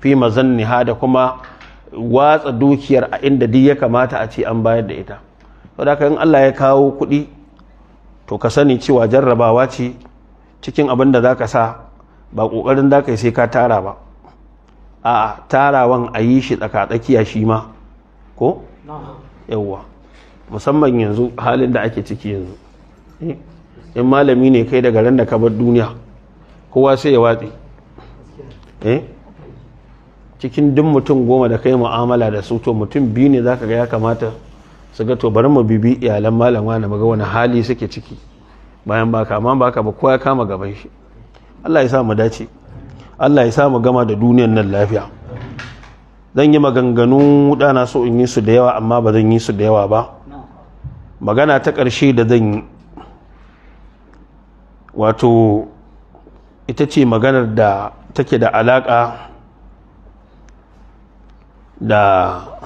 fi ha da kuma watsa dukiyar a inda duk ya kamata a ce an bayar da ita saboda in Allah ya kawo kuɗi to ka sani cewa jarrabawa ce cikin abin da zaka sa ba kokarin zaka yi sai ka tara ba a'a tarawan a yi shi tsakatsakiya shi ma ko yawwa musamman yanzu halin da ake ciki yanzu eh, in malami ne kai daga ran da ka bar duniya kowa sai ya watsi eh cikin duk mutum goma da kai mu'amala da su to mutum biyu ne zaka ga ya kamata su ga to bari mu bibi iyalan malama na muga wani hali suke ciki bayan baka amma baka ba kowa ya kama gaban shi Allah ya sa mu dace Allah ya sa mu gama da duniyar nan lafiya zan yi maganganu dana so in yi su da yawa amma ba zan yi su da yawa ba magana ta ƙarshe da zan yi wato ita ce maganar da take da alaƙa da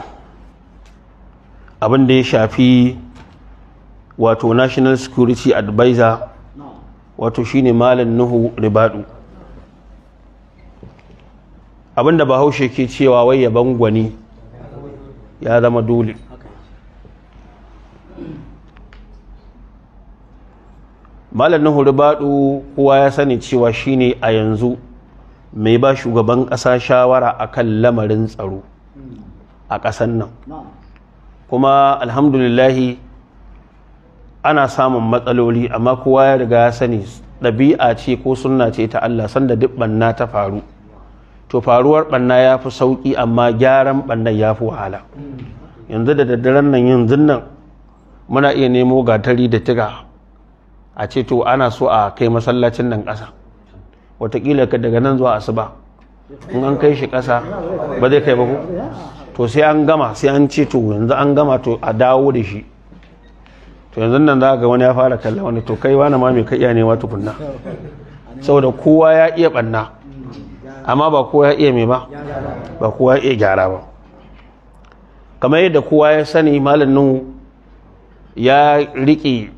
abin da ya shafi wato national security advisor wato shine malam nuhu ribadu abin da bahaushe ke cewa wai yaban gwani ya zama dole malam nuhu ribadu kowa ya sani cewa shine a yanzu mai ba shugaban ƙasa shawara akan lamarin tsaro a ƙasan nan kuma alhamdulillahi ana samun matsaloli amma kowa ya riga ya sani ɗabi'a ce ko sunna ce ta Allah sanda duk banna ta faru to faruwar banna ya fi sauƙi amma gyaran bannan ya fi wahala yanzu da daddaren nan yanzu nan muna iya nemo gatari da tiga a ce to ana so a kai masallacin nan ƙasa wataƙila daga nan zuwa asuba in an kai shi ƙasa ba zai kai ba ko to sai an gama sai an ce to yanzu an gama to a dawo da shi to yanzu nan za ga wani ya fara kalla wani to kai wani ma mai ka iya nema tukunna saboda kowa ya iya banna amma ba kowa ya iya mai ba ba kowa ya iya gyara ba kamar yadda kowa ya sani malamin ya riƙe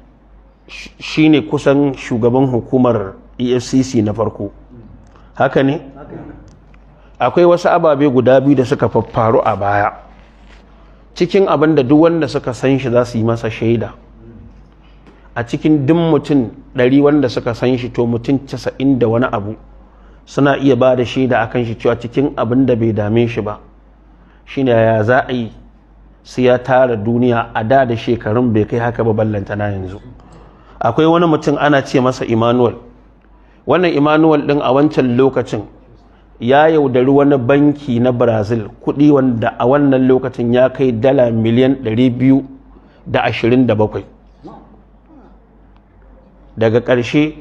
shi ne kusan shugaban hukumar efcc na farko haka ne akwai wasu ababe guda biyu da suka faffaru a baya cikin abin da duk wanda suka san shi za su yi masa shaida a cikin duk mutum ɗari wanda suka san shi to mutum casa'in da wani abu suna iya ba da shaida a kan shi cewa cikin abin da bai dame shi ba shi ne ya za a yi su ya tara duniya a da da shekarun bai kai haka ba ballanta na yanzu akwai wani mutum ana ce masa imanual. wannan imanual din a wancan lokacin ya yaudari wani banki na brazil kudi wanda a wannan lokacin ya kai dala miliyan 227 daga ƙarshe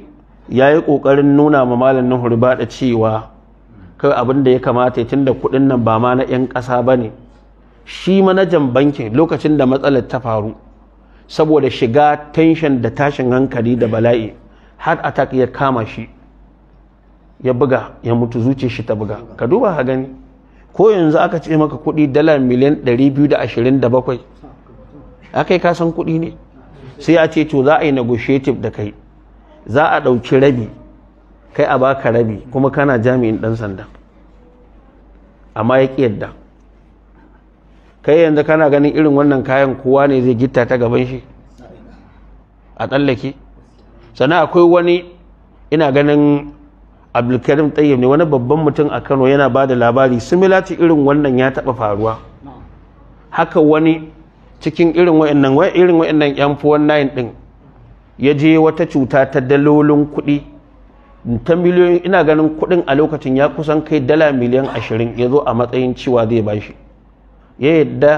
ya yi ƙoƙarin nuna ma malamin hurba da cewa kai abin da ya kamata tun da kudin nan ba ma na 'yan ƙasa ba ne shi manajan bankin lokacin da matsalar ta faru saboda shiga tension da tashin hankali da bala'i har attack ya kama shi ya buga ya mutu zuce shi ta buga ka duba ha gani ko yanzu aka ce maka kuɗi dala miliyan 227 akai yi kasan kuɗi ne sai ya ce to za a yi negotiative da kai za a ɗauki rabi kai a baka rabi kuma kana jami'in ɗan sanda amma ya ƙi yadda kai yanzu kana ganin irin wannan kayan kowa ne zai gita ta gaban shi a tsallake sannan akwai wani ina ganin abdulkarim tsayyab ne wani babban mutum a kano yana ba da labari ci irin wannan ya taɓa faruwa haka wani cikin irin wa'annan irin wa'annan yan fuwan nayin ɗin ya je wata cuta ta dalolin kuɗi ta miliyoyin ina ganin kuɗin a lokacin ya kusan kai dala miliyan ashirin ya zo a matsayin cewa zai ba shi ya yadda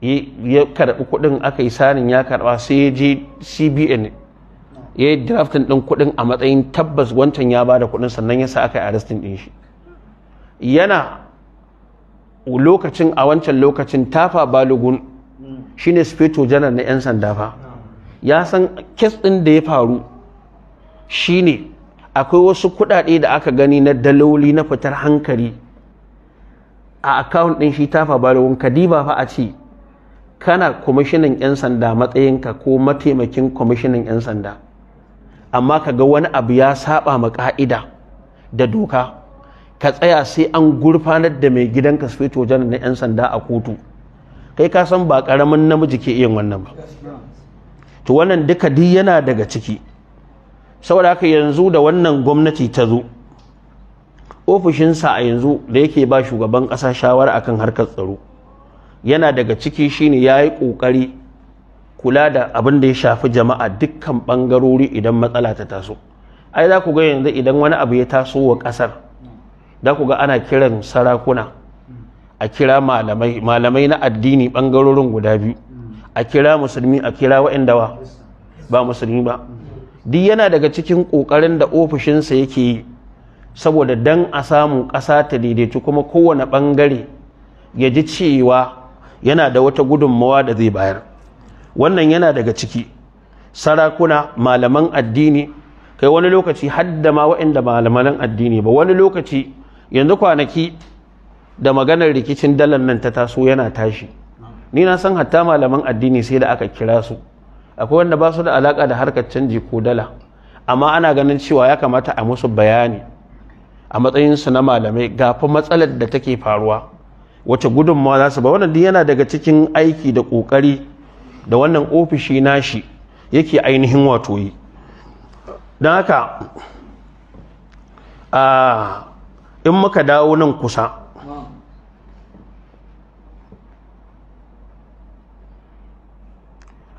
ya karɓi kuɗin aka yi sanin ya karɓa sai ya je cbn ya yi draftin ɗin kuɗin a matsayin tabbas wancan ya ba da kuɗin sannan ya sa aka yi arrestin ɗin shi yana lokacin a wancan lokacin tafa balogun ne speto janar na 'yan sanda fa ya san kes ɗin da ya faru shi ne akwai wasu kuɗaɗe da aka gani na daloli na fitar hankali a akawun ɗin shi tafa balogun kadiba fa a ce kana kwamishinan 'yan sanda matsayinka ko mataimakin kwamishinan 'yan sanda amma ka ga wani abu ya saba ma ka'ida da doka ka tsaya sai an gurfanar da mai gidan ka fito janar na 'yan sanda a kotu kai ka san ba karamin namiji ke yin wannan ba to wannan duka di yana daga ciki saboda haka yanzu da wannan gwamnati ta zo ofishinsa a yanzu da yake ba shugaban ƙasa shawara akan harkar tsaro yana daga ciki shine ya yi ƙoƙari kula da abin da ya shafi jama'a dukkan bangarori idan matsala ta taso ai za ku ga yanzu idan wani abu ya taso wa ƙasar za ku ga ana kiran sarakuna a kira malamai na addini bangarorin guda biyu a kira musulmi a kira waɗanda ba musulmi ba duk yana daga cikin ƙoƙarin da ofishinsa yake yi saboda dan a samu ƙasa ta daidaitu kuma kowane ɓangare ya ji cewa yana da wata gudunmawa da zai bayar. wannan yana daga ciki sarakuna malaman addini kai wani lokaci hadda ma waɗanda malaman addini ba wani lokaci yanzu kwanaki da maganar rikicin dalar nan ta taso yana tashi ni na san hatta malaman addini sai da aka kira su akwai wanda ba su da alaka da harkar canji ko dala amma ana ganin cewa ya kamata a musu bayani a matsayin su na malamai gafi matsalar da take faruwa wace gudunmawa za su ba wannan yana daga cikin aiki da ƙoƙari da wannan ofishi nashi yake ainihin wato yi don haka in muka dawo nan kusa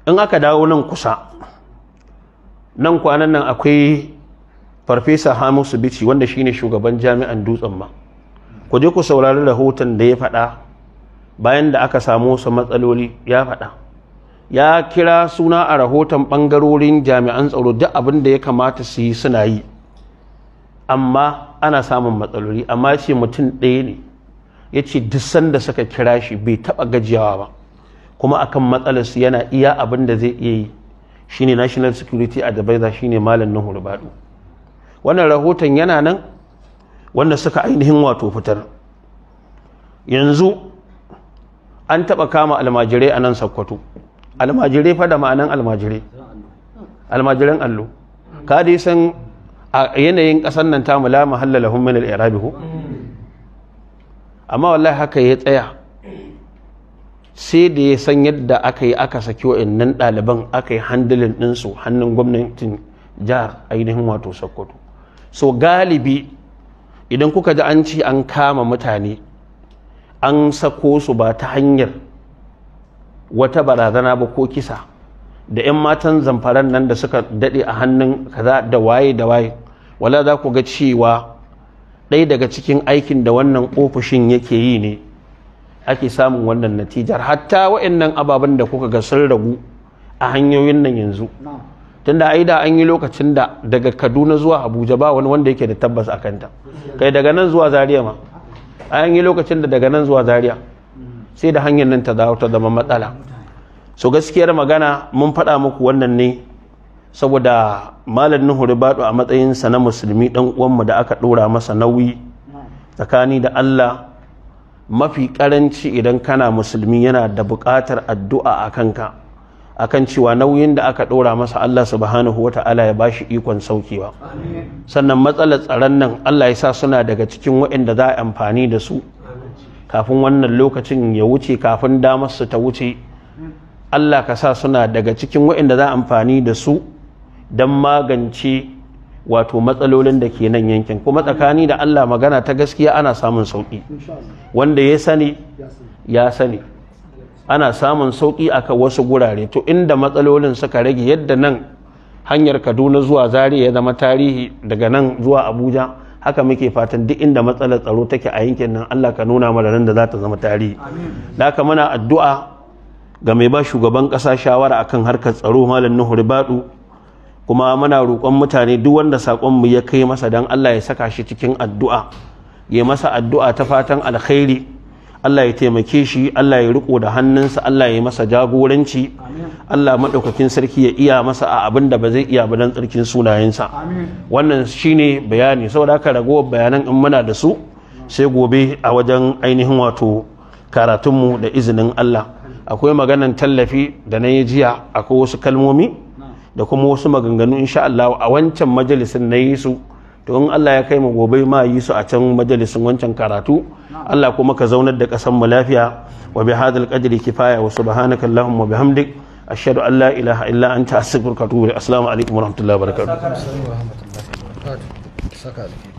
in aka dawo nan kusa nan kwanan nan akwai farfesa hamisu bici wanda shine shugaban jami'an dutsen ma ku je ku saurari rahoton da ya faɗa bayan da aka samu wasu matsaloli ya faɗa ya kira suna a rahoton ɓangarorin jami'an tsaro duk abin da ya kamata su yi suna yi amma ana samun matsaloli amma ce mutum ɗaya ne ya ce duk sanda suka kira shi bai taɓa gajiyawa ba kuma akan matsalarsu yana iya abin da zai iya yi shine national security advisor shine malam nan wannan rahoton yana nan wanda suka ainihin wato fitar yanzu an taɓa kama almajirai a nan sakkwato almajirai fa da ma'anan almajirai almajiran allo ka dai san a yanayin ƙasar nan ta la mahalla lahum min irabi irabi amma wallahi haka ya tsaya sai da ya san yadda aka yi aka saki nan ɗaliban aka yi handilin ɗinsu hannun gwamnatin jihar ainihin wato sokoto so galibi idan kuka ji an ci an kama mutane an sako su ba ta hanyar wata barazana ba ko kisa da 'yan matan zamfaran nan da suka daɗe a hannun kaza da waye da waye wala za ku ga cewa ɗaya daga cikin aikin da wannan ofishin yake yi ne ake samun wannan natijar hatta wa'annan ababen da kuka ga sun ragu a hanyoyin nan yanzu tunda ai da an yi lokacin da daga Kaduna zuwa Abuja ba wani wanda yake da tabbas a kanta kai daga nan zuwa Zaria ma an yi lokacin da daga nan zuwa Zaria sai da hanyar nan ta zawo ta zama matsala so gaskiyar magana mun faɗa muku wannan ne saboda malam nuhu ribadu a sa na musulmi dan uwan mu da aka ɗora masa nauyi tsakani da Allah mafi karanci idan kana musulmi yana da buƙatar addu'a a kanka akan cewa nauyin da aka ɗora masa Allah subhanahu wa ta'ala ya bashi ikon saukewa sannan matsalar tsaron nan Allah ya sa suna daga cikin waɗanda za a amfani da su kafin wannan lokacin ya wuce kafin damar su ta wuce Allah ka sa suna daga cikin waɗanda za amfani da su don magance wato matsalolin da ke nan yankin kuma tsakani da Allah magana ta gaskiya ana samun sauƙi wanda ya sani ya sani ana samun sauƙi aka wasu gurare to inda matsalolin suka rage yadda nan hanyar Kaduna zuwa Zaria ya zama tarihi daga nan zuwa Abuja haka muke fatan duk inda matsalar tsaro take a yankin nan Allah ka nuna mana nan da za ta zama tarihi da haka muna addu'a ga mai ba shugaban ƙasa shawara akan harkar tsaro malam Nuhu Ribadu kuma muna roƙon mutane duk wanda sakon mu ya kai masa dan Allah ya saka shi cikin addu'a ya masa addu'a ta fatan alkhairi Allah ya taimake shi Allah ya riko da hannunsa Allah ya masa jagoranci Allah maɗaukakin sarki ya iya masa a abin da ba zai iya ba dan tsarkin sunayensa wannan shine bayani saboda haka ragowar bayanan in muna da su sai gobe a wajen ainihin wato karatunmu da izinin Allah akwai maganan tallafi da na yi jiya akwai wasu kalmomi da kuma wasu maganganu insha Allah a wancan majalisin na yi su to in Allah ya kai mu gobe ma yi su a can majalisin wancan karatu Allah kuma ka zaunar da kasan mu lafiya wa bi hadal qadri kifaya wa subhanaka allahumma bihamdik ashhadu an la ilaha illa anta astaghfiruka wa atubu ilaik assalamu alaikum wa rahmatullahi wa barakatuh